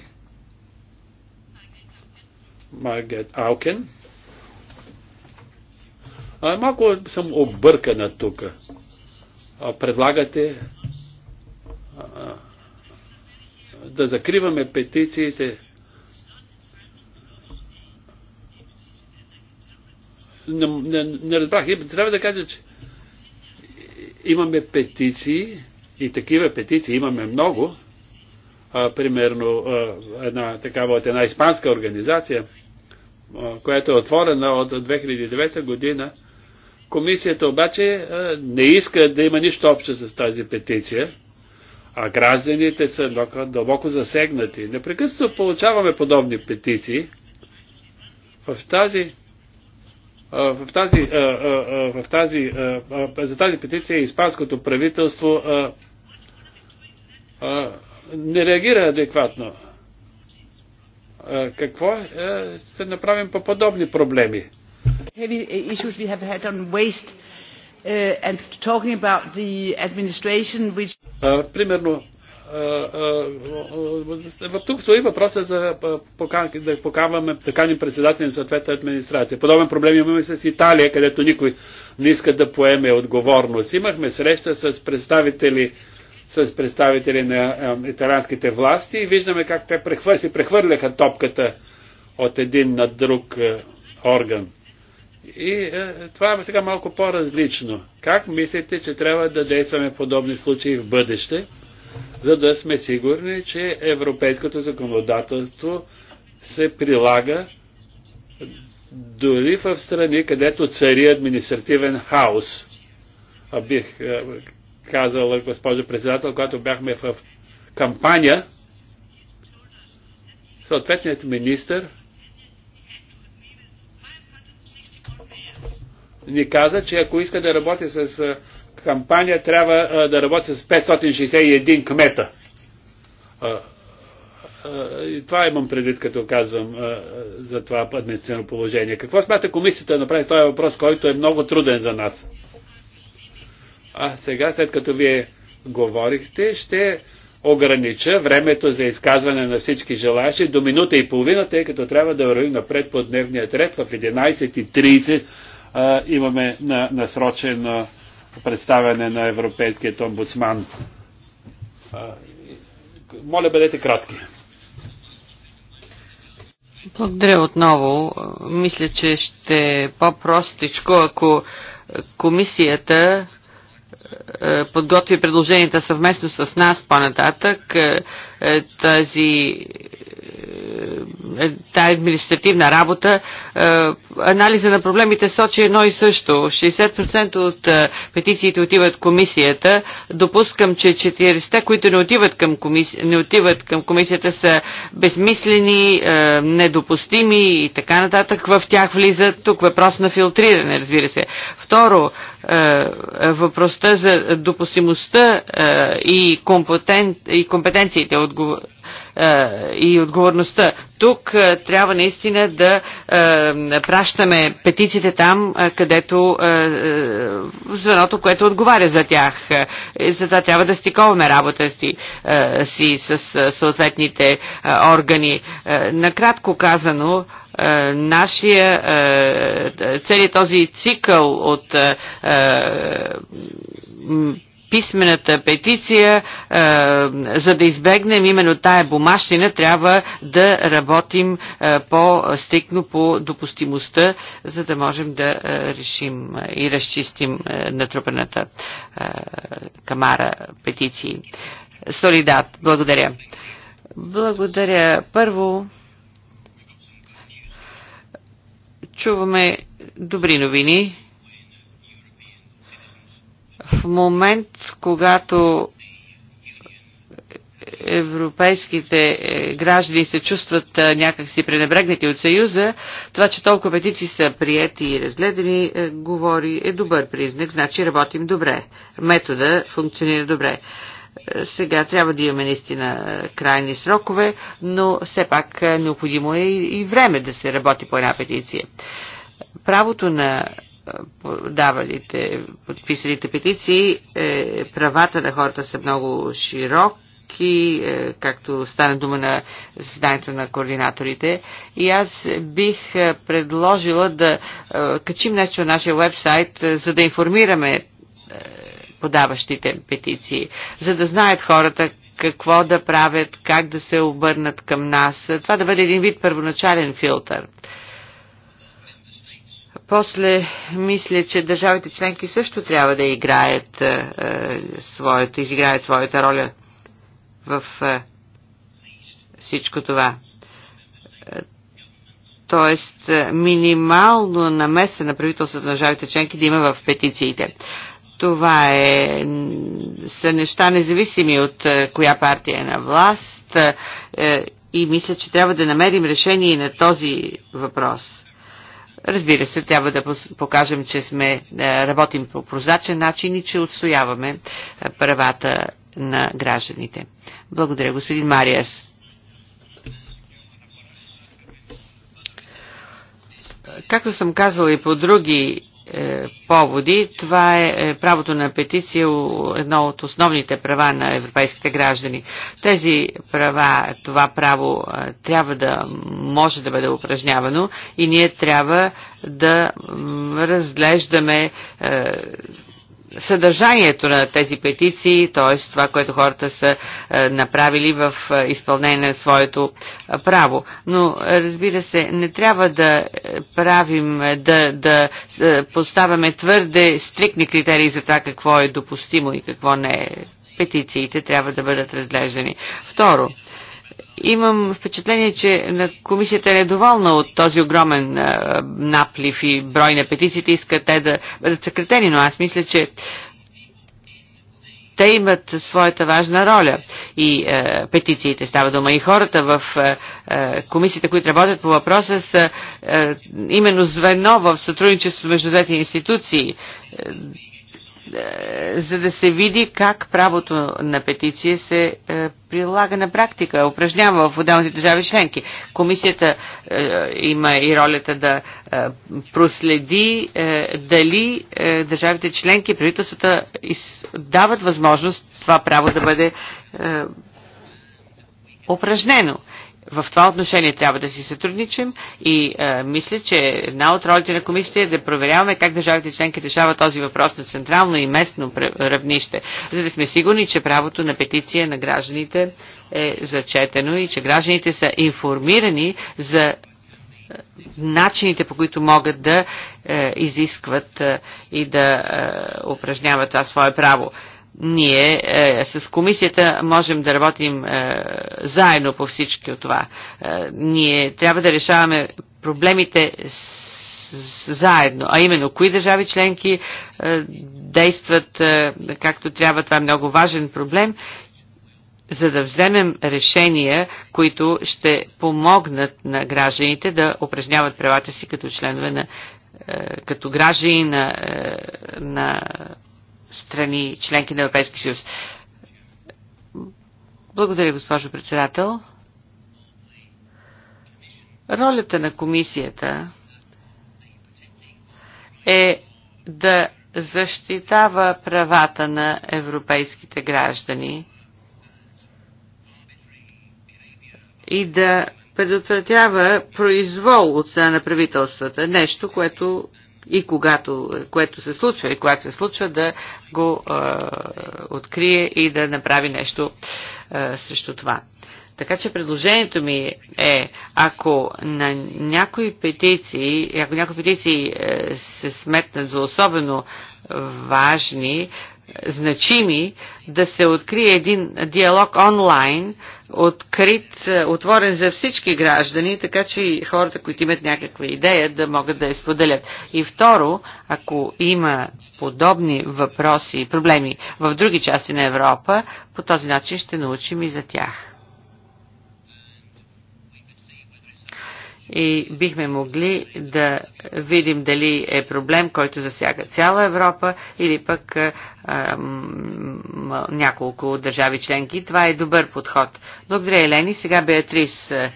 Маргет Аукен. малко съм объркана тук. Предлагате да закриваме петициите. Не, не, не разбрах. Е, трябва да кажа, че имаме петиции и такива петиции имаме много. А, примерно а, една такава от една испанска организация, а, която е отворена от 2009 година. Комисията обаче а, не иска да има нищо общо с тази петиция а гражданите са дълбоко засегнати. Непрекъснато получаваме подобни петиции. В тази в тази, в тази, за тази петиция испанското правителство не реагира адекватно. Какво е, ще направим по подобни проблеми? Uh, and talking примерно, тук стои въпроса за да покаваме, така ни председател на съответната администрация. Подобен проблем имаме с Италия, където никой не иска да поеме отговорност. Имахме среща с представители с представители на италианските власти и виждаме как те прехвър... си прехвърляха топката от един на друг орган. И е, това е сега малко по-различно. Как мислите, че трябва да действаме в подобни случаи в бъдеще, за да сме сигурни, че европейското законодателство се прилага дори в страни, където цари административен хаос. А бих е, казал, госпожо председател, когато бяхме в кампания, съответният министр ни каза, че ако иска да работи с кампания, трябва да работи с 561 кмета. И това имам предвид, като казвам за това административно положение. Какво смята комисията да направи? Това въпрос, който е много труден за нас. А сега, след като вие говорихте, ще огранича времето за изказване на всички желаящи до минута и половина, тъй като трябва да вървим напред по дневния ред. В 11.30 имаме на, насрочено представяне на Европейският омбудсман. Моля, бъдете кратки. Благодаря отново. Мисля, че ще е по-простичко, ако комисията подготви предложенията съвместно с нас по-нататък. Тази е, е, тая административна работа, е, анализа на проблемите сочи едно и също. 60% от петициите отиват комисията. Допускам, че 40 които не отиват към, комиси... не отиват към комисията, са безмислени, недопустими и така нататък. В тях влиза тук въпрос на филтриране, разбира се. Второ, въпроста за допустимостта и, и компетенциите, отговор е, и отговорността. Тук е, трябва наистина да е, пращаме петициите там, където звеното, което отговаря за тях. Затова трябва да стиковаме работа си, си с съответните органи. Накратко казано, нашия целият този цикъл от писмената петиция, е, за да избегнем именно тая бумащина, трябва да работим е, по стрикно по допустимостта, за да можем да е, решим и разчистим натрупаната камара петиции. Солидат, благодаря. Благодаря. Първо, чуваме добри новини в момент, когато европейските е, граждани се чувстват е, някакси пренебрегнати от Съюза, това, че толкова петиции са прияти и разгледани, е, говори, е добър признак, значи работим добре. Метода функционира добре. Сега трябва да имаме наистина крайни срокове, но все пак необходимо е и време да се работи по една петиция. Правото на давалите, подписалите петиции, е, правата на хората са много широк и е, както стана дума на заседанието на координаторите. И аз бих е, предложила да е, качим нещо на нашия вебсайт, е, за да информираме подаващите петиции, за да знаят хората какво да правят, как да се обърнат към нас. Това да бъде един вид първоначален филтър. После мисля, че държавите членки също трябва да играят е, е своята, изиграят своята роля в е, всичко това. Е, тоест, е, минимално намеса на правителството на държавите членки да има в петициите. Това е, са неща независими от коя партия е на власт е, и мисля, че трябва да намерим решение на този въпрос. Разбира се, трябва да покажем, че сме, е, работим по прозрачен начин и че отстояваме е, правата на гражданите. Благодаря, господин Мариас. Както съм казвал и по други е, поводи. Това е, е правото на петиция, едно от основните права на европейските граждани. Тези права, това право е, трябва да може да бъде упражнявано и ние трябва да разглеждаме съдържанието на тези петиции, т.е. това, което хората са е, направили в е, изпълнение на своето е, право. Но разбира се, не трябва да правим, да, да поставяме твърде стрикни критерии за това какво е допустимо и какво не е. Петициите трябва да бъдат разглеждани. Второ, Имам впечатление, че на комисията е недоволна от този огромен наплив и брой на петициите, искат те да бъдат съкретени, но аз мисля, че те имат своята важна роля. И а, петициите става дума. И хората в а, комисията, които работят по въпроса, са а, именно звено в сътрудничество между двете институции. Е, за да се види как правото на петиция се е, прилага на практика, упражнява в отделните държави членки. Комисията е, има и ролята да проследи дали държавите членки, правителствата дават възможност това право да бъде упражнено в това отношение трябва да си сътрудничим и е, мисля, че една от ролите на комисията е да проверяваме как държавите членки решават този въпрос на централно и местно равнище, за да сме сигурни, че правото на петиция на гражданите е зачетено и че гражданите са информирани за е, начините по които могат да е, изискват е, и да е, упражняват това свое право. Е, ние е, с комисията можем да работим е, заедно по всички от това. Е, ние трябва да решаваме проблемите с, заедно, а именно кои държави членки е, действат е, както трябва. Това е много важен проблем за да вземем решения, които ще помогнат на гражданите да упражняват правата си като членове на, е, като граждани на, е, на страни, членки на Европейски съюз. Благодаря, госпожо председател. Ролята на комисията е да защитава правата на европейските граждани и да предотвратява произвол от страна на правителствата, нещо, което и когато, което се случва и когато се случва, да го е, открие и да направи нещо е, срещу това. Така че предложението ми е, ако на някои петиции, ако някои петиции е, се сметнат за особено важни, значими да се открие един диалог онлайн, открит, отворен за всички граждани, така че и хората, които имат някаква идея, да могат да я споделят. И второ, ако има подобни въпроси и проблеми в други части на Европа, по този начин ще научим и за тях. и бихме могли да видим дали е проблем, който засяга цяла Европа или пък а, а, няколко държави членки. Това е добър подход. Благодаря, Елени. Сега Беатрис. А,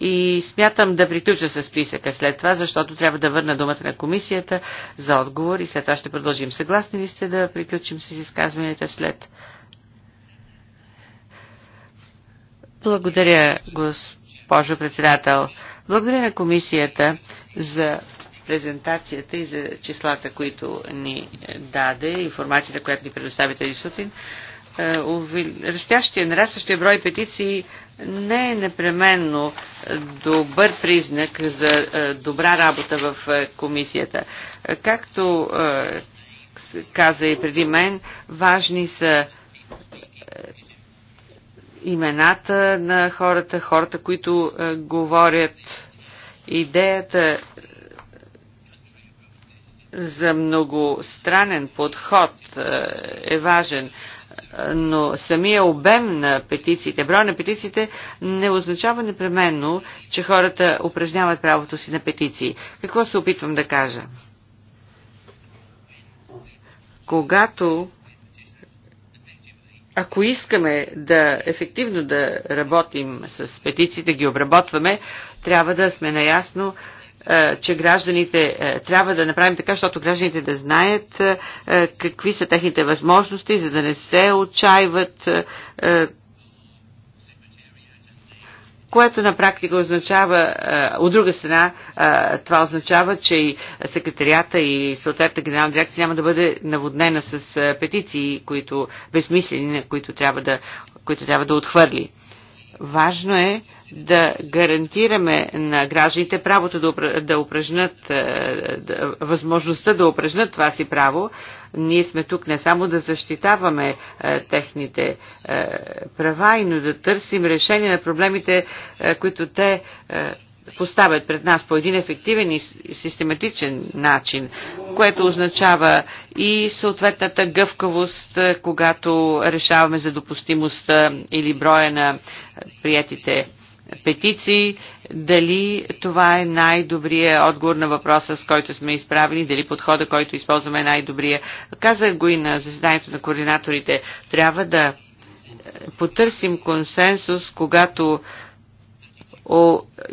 и смятам да приключа с списъка след това, защото трябва да върна думата на комисията за отговор и след това ще продължим. Съгласни ли сте да приключим с изказванията след? Благодаря, господин госпожо председател. Благодаря на комисията за презентацията и за числата, които ни е, даде, информацията, която ни предостави тази сутрин. Е, растящия, нарастващия брой петиции не е непременно добър признак за е, добра работа в комисията. Както каза и преди мен, важни са имената на хората, хората, които е, говорят идеята е, за многостранен подход е, е важен, е, но самия обем на петициите, броя на петициите не означава непременно, че хората упражняват правото си на петиции. Какво се опитвам да кажа? Когато ако искаме да ефективно да работим с да ги обработваме, трябва да сме наясно, е, че гражданите е, трябва да направим така, защото гражданите да знаят е, какви са техните възможности, за да не се отчаиват което на практика означава, е, от друга страна, е, това означава, че и секретарията и съответната генерална дирекция няма да бъде наводнена с е, петиции, които безмислени, които трябва да, които трябва да отхвърли. Важно е да гарантираме на гражданите правото да, да упражнат, е, да, възможността да упражнат това си право. Ние сме тук не само да защитаваме е, техните е, права, но да търсим решение на проблемите, е, които те е, поставят пред нас по един ефективен и систематичен начин, което означава и съответната гъвкавост, е, когато решаваме за допустимостта или броя на приятите петиции, дали това е най-добрия отговор на въпроса, с който сме изправени, дали подхода, който използваме е най-добрия. Казах го и на заседанието на координаторите. Трябва да е, потърсим консенсус, когато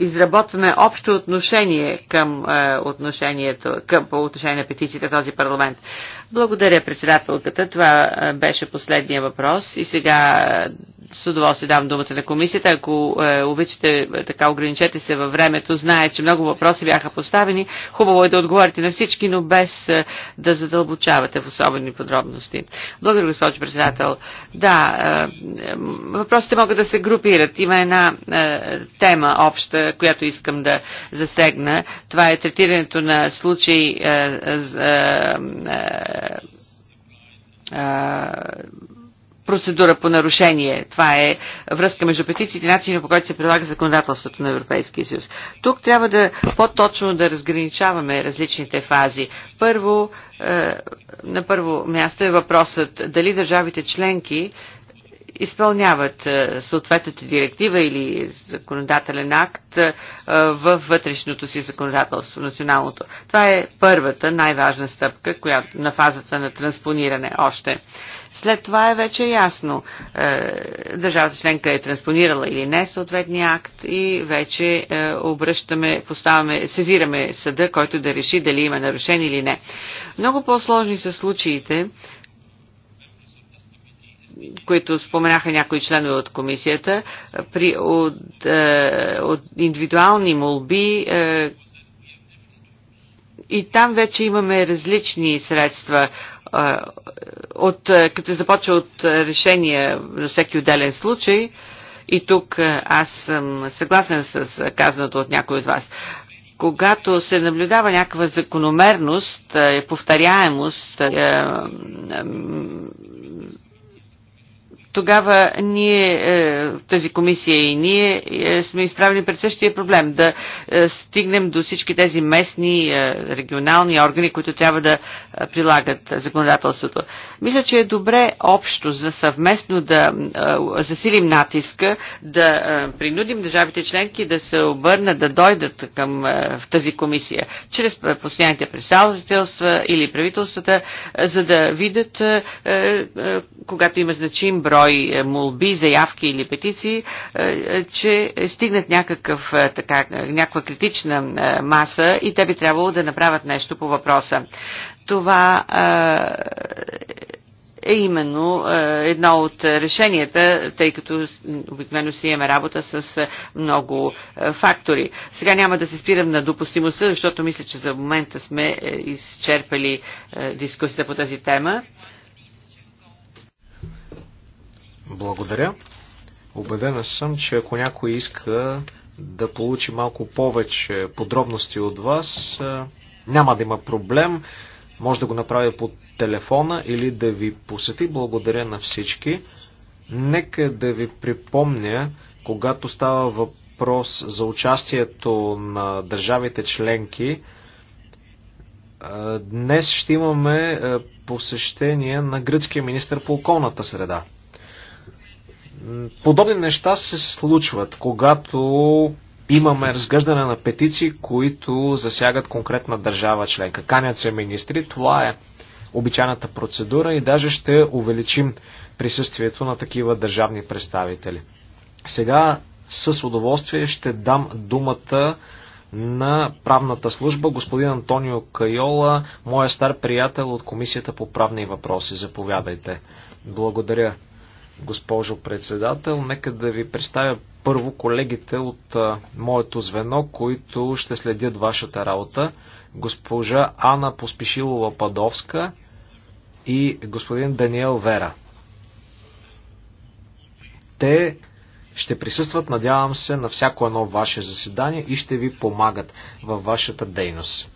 изработваме общо отношение към, е, отношението, към по отношение на петицията този парламент. Благодаря председателката. Това е, беше последния въпрос и сега е, с удоволствие давам думата на комисията. Ако е, обичате, е, така ограничете се във времето. Знае, че много въпроси бяха поставени. Хубаво е да отговорите на всички, но без е, да задълбочавате в особени подробности. Благодаря, госпожо председател. Да, е, е, въпросите могат да се групират. Има една е, тема обща, която искам да засегна. Това е третирането на случаи е, е, е, е процедура по нарушение. Това е връзка между петициите и начина по който се прилага законодателството на Европейския съюз. Тук трябва да по-точно да разграничаваме различните фази. Първо, е, на първо място е въпросът дали държавите членки изпълняват е, съответната директива или законодателен акт е, е, във вътрешното си законодателство, националното. Това е първата, най-важна стъпка, която на фазата на транспониране още. След това е вече ясно. Държавата членка е транспонирала или не съответния акт и вече обръщаме, поставяме, сезираме съда, който да реши дали има нарушение или не. Много по-сложни са случаите, които споменаха някои членове от комисията, при, от, е, от индивидуални молби, е, и там вече имаме различни средства, е, от, е, като започва от решения на всеки отделен случай. И тук е, аз съм съгласен с казаното от някой от вас. Когато се наблюдава някаква закономерност, повторяемост, тогава ние, е, тази комисия и ние е, сме изправени пред същия проблем да е, стигнем до всички тези местни, регионални органи, които трябва да прилагат законодателството. Мисля, че е добре общо за съвместно да засилим натиска, да принудим държавите членки да се обърнат, да дойдат към в тази комисия, чрез постоянните представителства или правителствата, за да видят, когато има значим брой брой е, молби, заявки или петиции, е, е, че стигнат някакъв, така, някаква критична маса и те би трябвало да направят нещо по въпроса. Това е именно едно от решенията, тъй като обикновено си имаме работа с много фактори. Сега няма да се спирам на допустимостта, защото мисля, че за момента сме изчерпали дискусията по тази тема. Благодаря. Обедена съм, че ако някой иска да получи малко повече подробности от вас, е, няма да има проблем. Може да го направя по телефона или да ви посети. Благодаря на всички. Нека да ви припомня, когато става въпрос за участието на държавите членки, е, днес ще имаме е, посещение на гръцкия министр по околната среда. Подобни неща се случват, когато имаме разглеждане на петиции, които засягат конкретна държава членка. Канят се министри, това е обичайната процедура и даже ще увеличим присъствието на такива държавни представители. Сега с удоволствие ще дам думата на правната служба господин Антонио Кайола, моя стар приятел от Комисията по правни въпроси. Заповядайте. Благодаря, госпожо председател. Нека да ви представя първо колегите от моето звено, които ще следят вашата работа. Госпожа Ана Поспешилова-Падовска и господин Даниел Вера. Те ще присъстват, надявам се, на всяко едно ваше заседание и ще ви помагат във вашата дейност.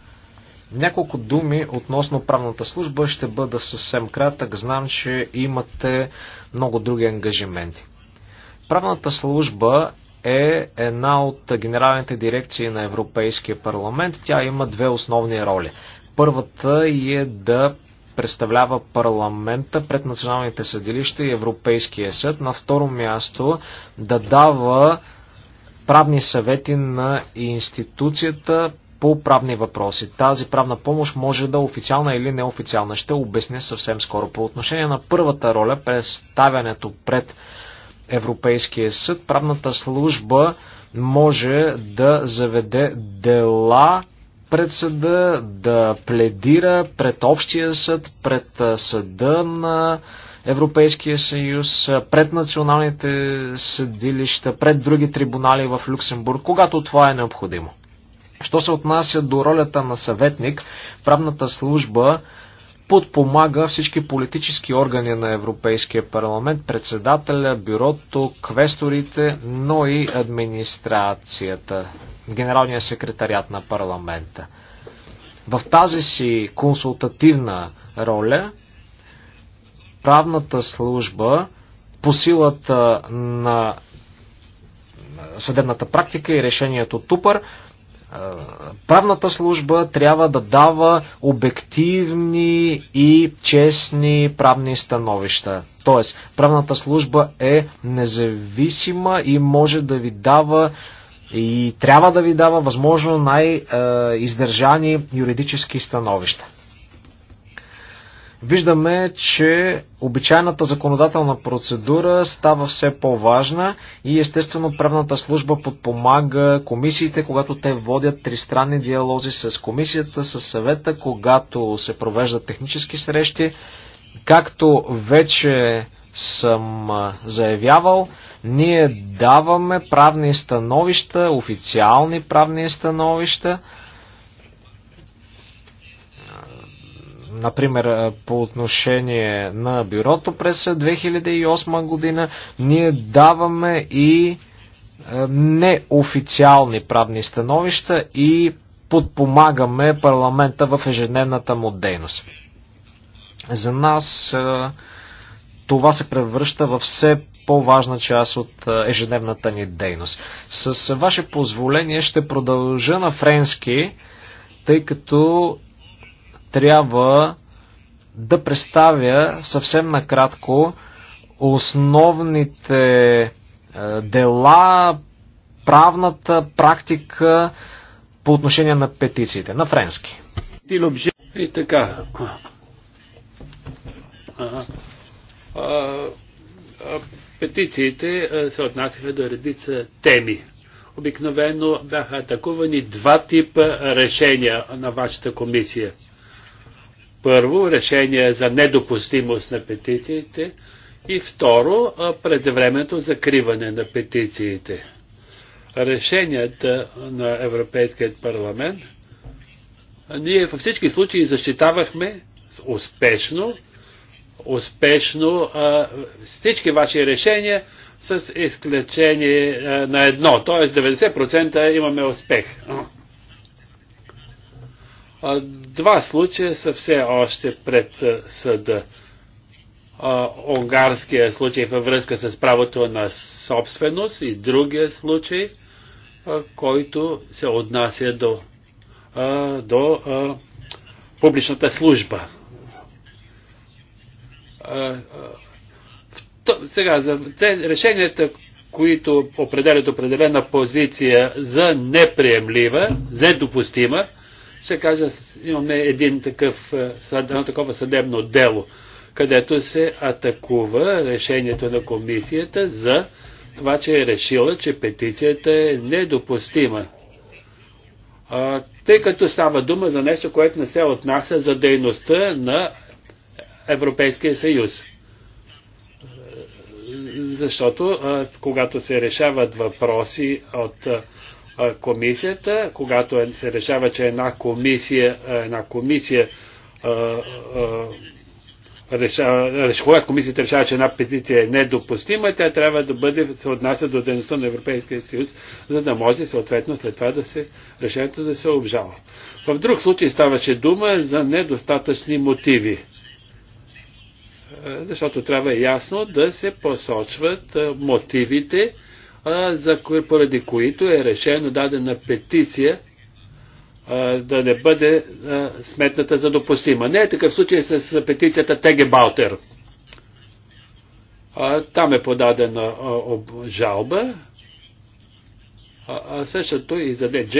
Няколко думи относно правната служба ще бъда съвсем кратък. Знам, че имате много други ангажименти. Правната служба е една от генералните дирекции на Европейския парламент. Тя има две основни роли. Първата е да представлява парламента пред националните съдилища и Европейския съд. На второ място да дава правни съвети на институцията по правни въпроси. Тази правна помощ може да е официална или неофициална. Ще обясня съвсем скоро. По отношение на първата роля, представянето пред Европейския съд, правната служба може да заведе дела пред съда, да пледира пред общия съд, пред съда на Европейския съюз, пред националните съдилища, пред други трибунали в Люксембург, когато това е необходимо. Що се отнася до ролята на съветник, правната служба подпомага всички политически органи на Европейския парламент, председателя, бюрото, квесторите, но и администрацията, генералния секретарят на парламента. В тази си консултативна роля правната служба по силата на съдебната практика и решението Тупър е, правната служба трябва да дава обективни и честни правни становища. Тоест, правната служба е независима и може да ви дава и трябва да ви дава възможно най-издържани е, юридически становища виждаме, че обичайната законодателна процедура става все по-важна и естествено правната служба подпомага комисиите, когато те водят тристранни диалози с комисията, с съвета, когато се провеждат технически срещи. Както вече съм заявявал, ние даваме правни становища, официални правни становища, Например, по отношение на бюрото през 2008 година, ние даваме и неофициални правни становища и подпомагаме парламента в ежедневната му дейност. За нас това се превръща в все по-важна част от ежедневната ни дейност. С ваше позволение ще продължа на френски, тъй като трябва да представя съвсем накратко основните е, дела, правната практика по отношение на петициите на френски. И така. петициите се отнасяха до редица теми. Обикновено бяха атакувани два типа решения на вашата комисия – първо, решение за недопустимост на петициите и второ, предвременно закриване на петициите. Решенията на Европейският парламент ние във всички случаи защитавахме успешно, успешно всички ваши решения с изключение на едно, т.е. 90% имаме успех. Два случая са все още пред съда. Унгарския случай във връзка с правото на собственост и другия случай, който се отнася до, до публичната служба. Сега, за те решенията, които определят определена позиция за неприемлива, за допустима, ще кажа, имаме един такъв, е, едно такова съдебно дело, където се атакува решението на комисията за това, че е решила, че петицията е недопустима. А, тъй като става дума за нещо, което не се отнася за дейността на Европейския съюз. Защото а, когато се решават въпроси от а, комисията, когато е, се решава, че една комисия, е, една комисия е, решава, когато комисията решава, че една петиция е недопустима, тя трябва да бъде, се отнася до дейността на Европейския съюз, за да може съответно след това да се, решението да се обжава. В друг случай ставаше дума за недостатъчни мотиви. Защото трябва ясно да се посочват мотивите, за кои, поради които е решено дадена петиция а, да не бъде а, сметната за допустима. Не е такъв случай с петицията Теге Балтер. А, там е подадена жалба. А, същото и за ДДЖ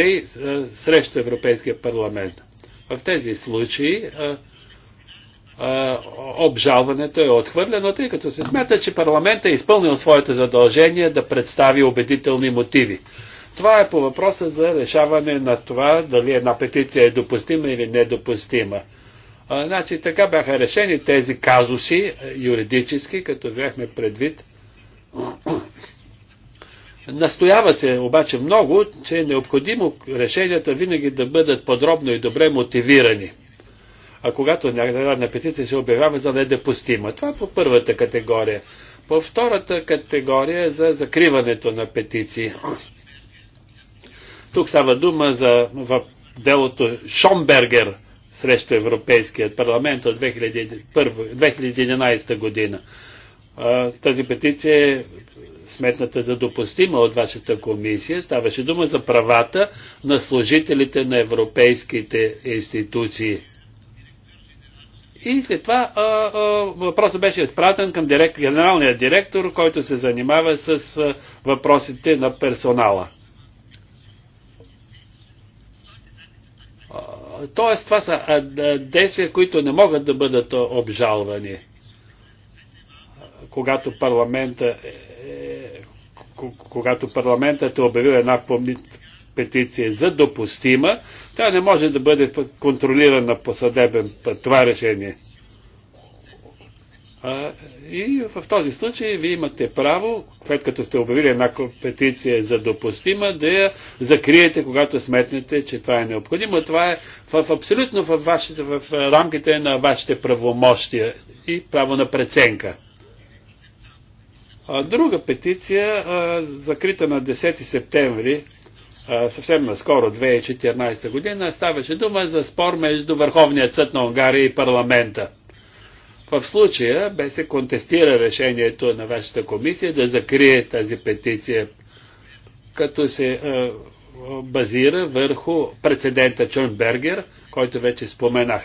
срещу Европейския парламент. В тези случаи обжалването е отхвърлено, тъй като се смята, че парламентът е изпълнил своите задължения да представи убедителни мотиви. Това е по въпроса за решаване на това дали една петиция е допустима или недопустима. А, значи така бяха решени тези казуси е, юридически, като взехме предвид. Настоява се обаче много, че е необходимо решенията винаги да бъдат подробно и добре мотивирани а когато една петиция се обявява за недопустима. Това е по първата категория. По втората категория е за закриването на петиции. Тук става дума за в делото Шомбергер срещу Европейският парламент от 2001, 2011 година. Тази петиция е сметната за допустима от вашата комисия. Ставаше дума за правата на служителите на европейските институции – и след това въпросът беше изпратен към директ, генералния директор, който се занимава с а, въпросите на персонала. А, тоест, това са а, действия, които не могат да бъдат обжалвани, когато парламента е, е когато парламентът е обявил една петиция за допустима, тя не може да бъде контролирана по съдебен път. Това е решение. А, и в този случай вие имате право, след като сте обявили една петиция за допустима, да я закриете, когато сметнете, че това е необходимо. Това е в, абсолютно в, вашите, в рамките на вашите правомощия и право на преценка. А, друга петиция, а, закрита на 10 септември съвсем наскоро, 2014 година, ставаше дума за спор между Върховният съд на Унгария и парламента. В случая бе се контестира решението на вашата комисия да закрие тази петиция, като се е, базира върху прецедента Бергер, който вече споменах.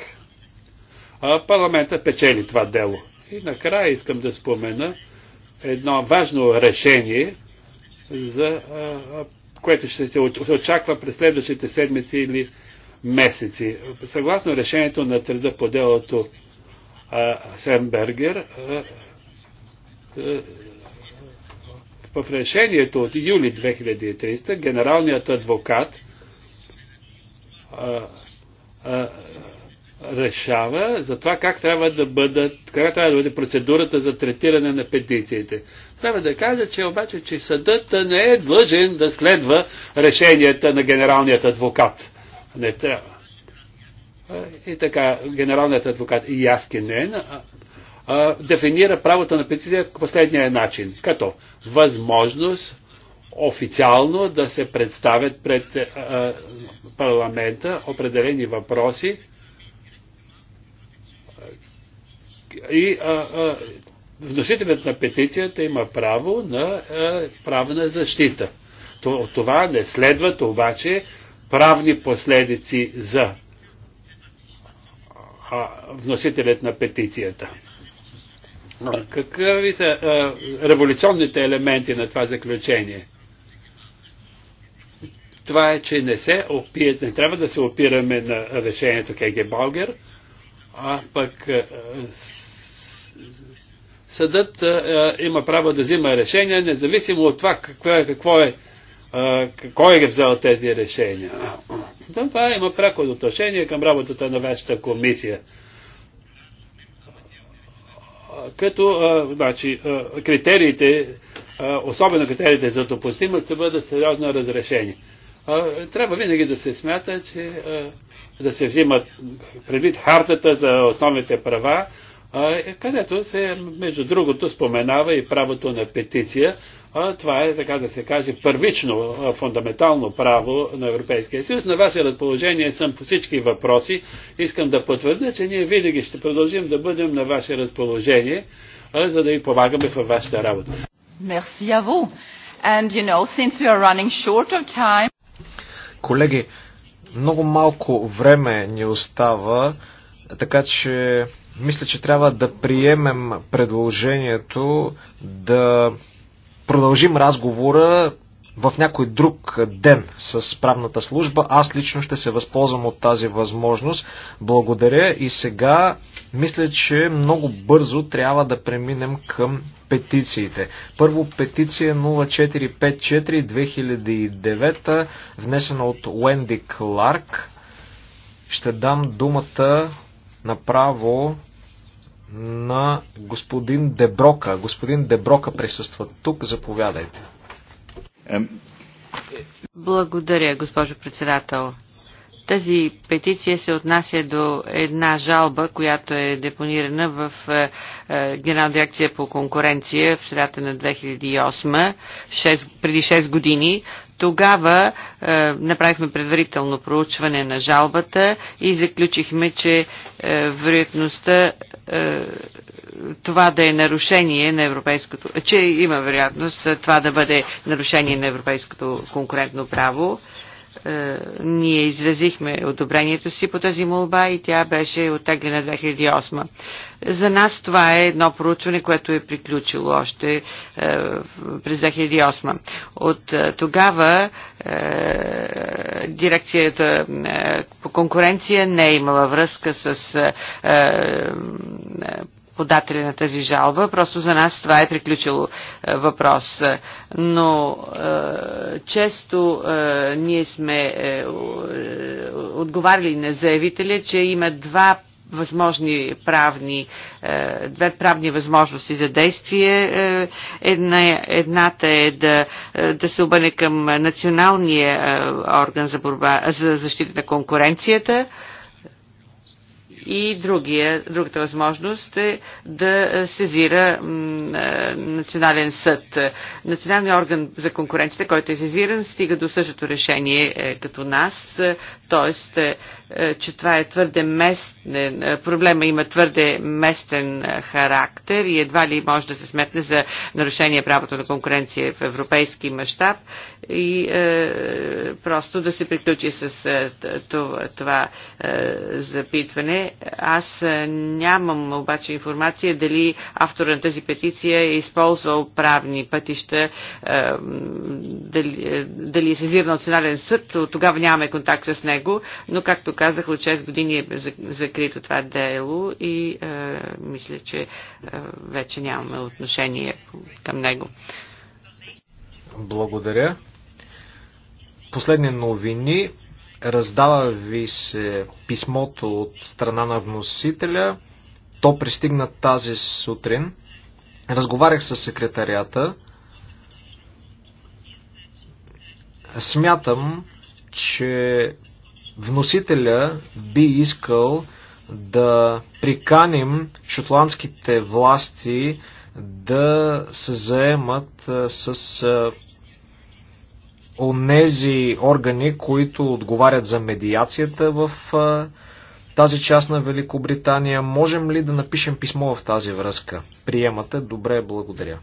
А парламента печели това дело. И накрая искам да спомена едно важно решение за което ще се очаква през следващите седмици или месеци. Съгласно решението на треда по делото Хембергер, в решението от юли 2030 генералният адвокат а, а, решава за това как трябва да бъдат, как трябва да бъде процедурата за третиране на петициите. Трябва да кажа, че обаче, че съдът не е длъжен да следва решенията на генералният адвокат. Не трябва. И така, генералният адвокат Яскинен дефинира правото на петиция по последния начин, като възможност официално да се представят пред а, парламента определени въпроси, И а, а, вносителят на петицията има право на а, правна защита. Това не следват обаче правни последици за а, вносителят на петицията. Какви са а, революционните елементи на това заключение? Това е, че не, се опият, не трябва да се опираме на решението Кеге Балгер, а пък е, съдът е, е, има право да взима решения, независимо от това какво е, какво е кой е взел тези решения. Това има пряко отношение към работата на вашата комисия. Като значи, критериите, особено критериите за допустимост, ще бъдат сериозно разрешени трябва винаги да се смята, че да се взимат предвид хартата за основните права, където се, между другото, споменава и правото на петиция. Това е, така да се каже, първично фундаментално право на Европейския съюз. На ваше разположение съм по всички въпроси. Искам да потвърдя, че ние винаги ще продължим да бъдем на ваше разположение, за да ви помагаме във вашата работа. Merci à vous. And you know, since we are running short of time... Колеги, много малко време ни остава, така че мисля, че трябва да приемем предложението да продължим разговора в някой друг ден с правната служба. Аз лично ще се възползвам от тази възможност. Благодаря и сега мисля, че много бързо трябва да преминем към петициите. Първо петиция 0454-2009, внесена от Уенди Кларк. Ще дам думата направо на господин Деброка. Господин Деброка присъства тук. Заповядайте. Благодаря, госпожо председател. Тази петиция се отнася до една жалба, която е депонирана в е, е, Генерална дирекция по конкуренция в средата на 2008, преди 6 години. Тогава е, направихме предварително проучване на жалбата и заключихме, че е, вероятността е, това да е нарушение на европейското, че има вероятност е, това да бъде нарушение на европейското конкурентно право е, ние изразихме одобрението си по тази молба и тя беше оттеглена 2008. За нас това е едно проучване, което е приключило още е, през 2008. От е, тогава е, дирекцията е, по конкуренция не е имала връзка с е, е подателя на тази жалба. Просто за нас това е приключило е, въпрос. Но е, често е, ние сме отговаряли на заявителя, че има два възможни правни, две правни възможности за действие. Една, едната е да, да се обърне към националния орган за, борба, за защита на конкуренцията, и другия, другата възможност е да сезира е, национален съд. Националният орган за конкуренцията, който е сезиран, стига до същото решение е, като нас, т.е. Е, че това е твърде местен, проблема има твърде местен характер и едва ли може да се сметне за нарушение правото на конкуренция в европейски мащаб и просто да се приключи с това запитване аз е, нямам обаче информация дали автора на тази петиция е използвал правни пътища, дали, е, дали е, е сезира национален съд. От тогава нямаме контакт с него, но както казах, от 6 години е закрито това дело и мисля, че вече нямаме отношение към него. Благодаря. Последни новини Раздава ви се писмото от страна на вносителя. То пристигна тази сутрин. Разговарях с секретарията. Смятам, че вносителя би искал да приканим шотландските власти да се заемат с онези органи, които отговарят за медиацията в тази част на Великобритания. Можем ли да напишем писмо в тази връзка? Приемате? Добре, благодаря.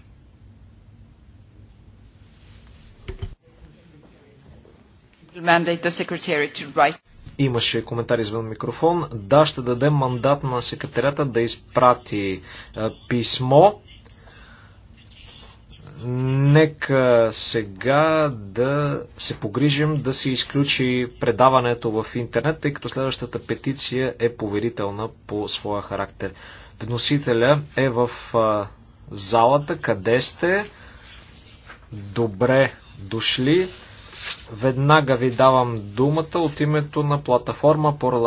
Имаше коментар извън микрофон. Да, ще дадем мандат на секретарята да изпрати писмо Нека сега да се погрижим да се изключи предаването в интернет, тъй като следващата петиция е поверителна по своя характер. Вносителя е в залата. Къде сте? Добре дошли. Веднага ви давам думата от името на платформа Порла